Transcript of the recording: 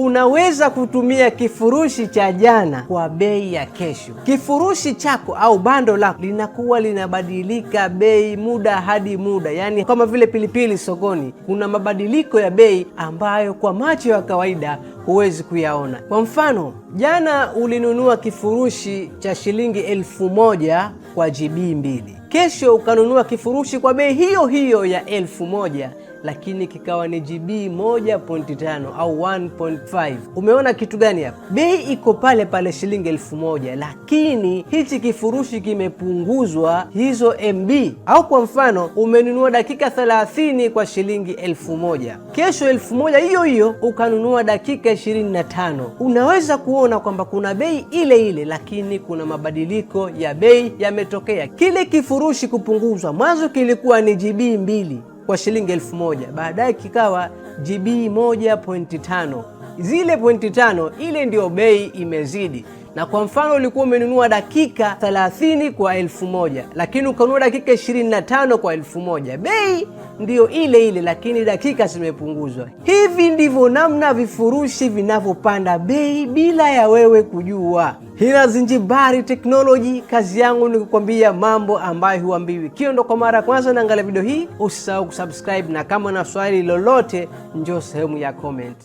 Unaweza kutumia kifurushi cha jana kwa bei ya kesho. Kifurushi chako au bando lako linakuwa linabadilika bei muda hadi muda, yaani kama vile pilipili sokoni, kuna mabadiliko ya bei ambayo kwa macho ya kawaida huwezi kuyaona. Kwa mfano, jana ulinunua kifurushi cha shilingi elfu moja kwa jibii mbili, kesho ukanunua kifurushi kwa bei hiyo hiyo ya elfu moja lakini kikawa ni GB 1.5 au 1.5. Umeona kitu gani hapa? Bei iko pale pale shilingi elfu moja, lakini hichi kifurushi kimepunguzwa hizo MB. Au kwa mfano umenunua dakika 30 kwa shilingi elfu moja, kesho elfu moja hiyo hiyo ukanunua dakika 25. Unaweza kuona kwamba kuna bei ile ile, lakini kuna mabadiliko ya bei yametokea. Kile kifurushi kupunguzwa, mwanzo kilikuwa ni GB mbili kwa shilingi elfu moja baadaye kikawa GB 1.5. Zile pointi tano ile ndio bei imezidi na kwa mfano ulikuwa umenunua dakika 30 kwa elfu moja lakini ukanunua dakika 25 kwa elfu moja bei ndiyo ile ile, lakini dakika zimepunguzwa. Hivi ndivyo namna vifurushi vinavyopanda bei bila ya wewe kujua. Hina Zinjibari Teknoloji, kazi yangu ni kukwambia mambo ambayo huambiwi. Kio ndo kwa mara ya kwanza naangalia video hii, usisahau kusubscribe, na kama na swali lolote, njoo sehemu ya comment.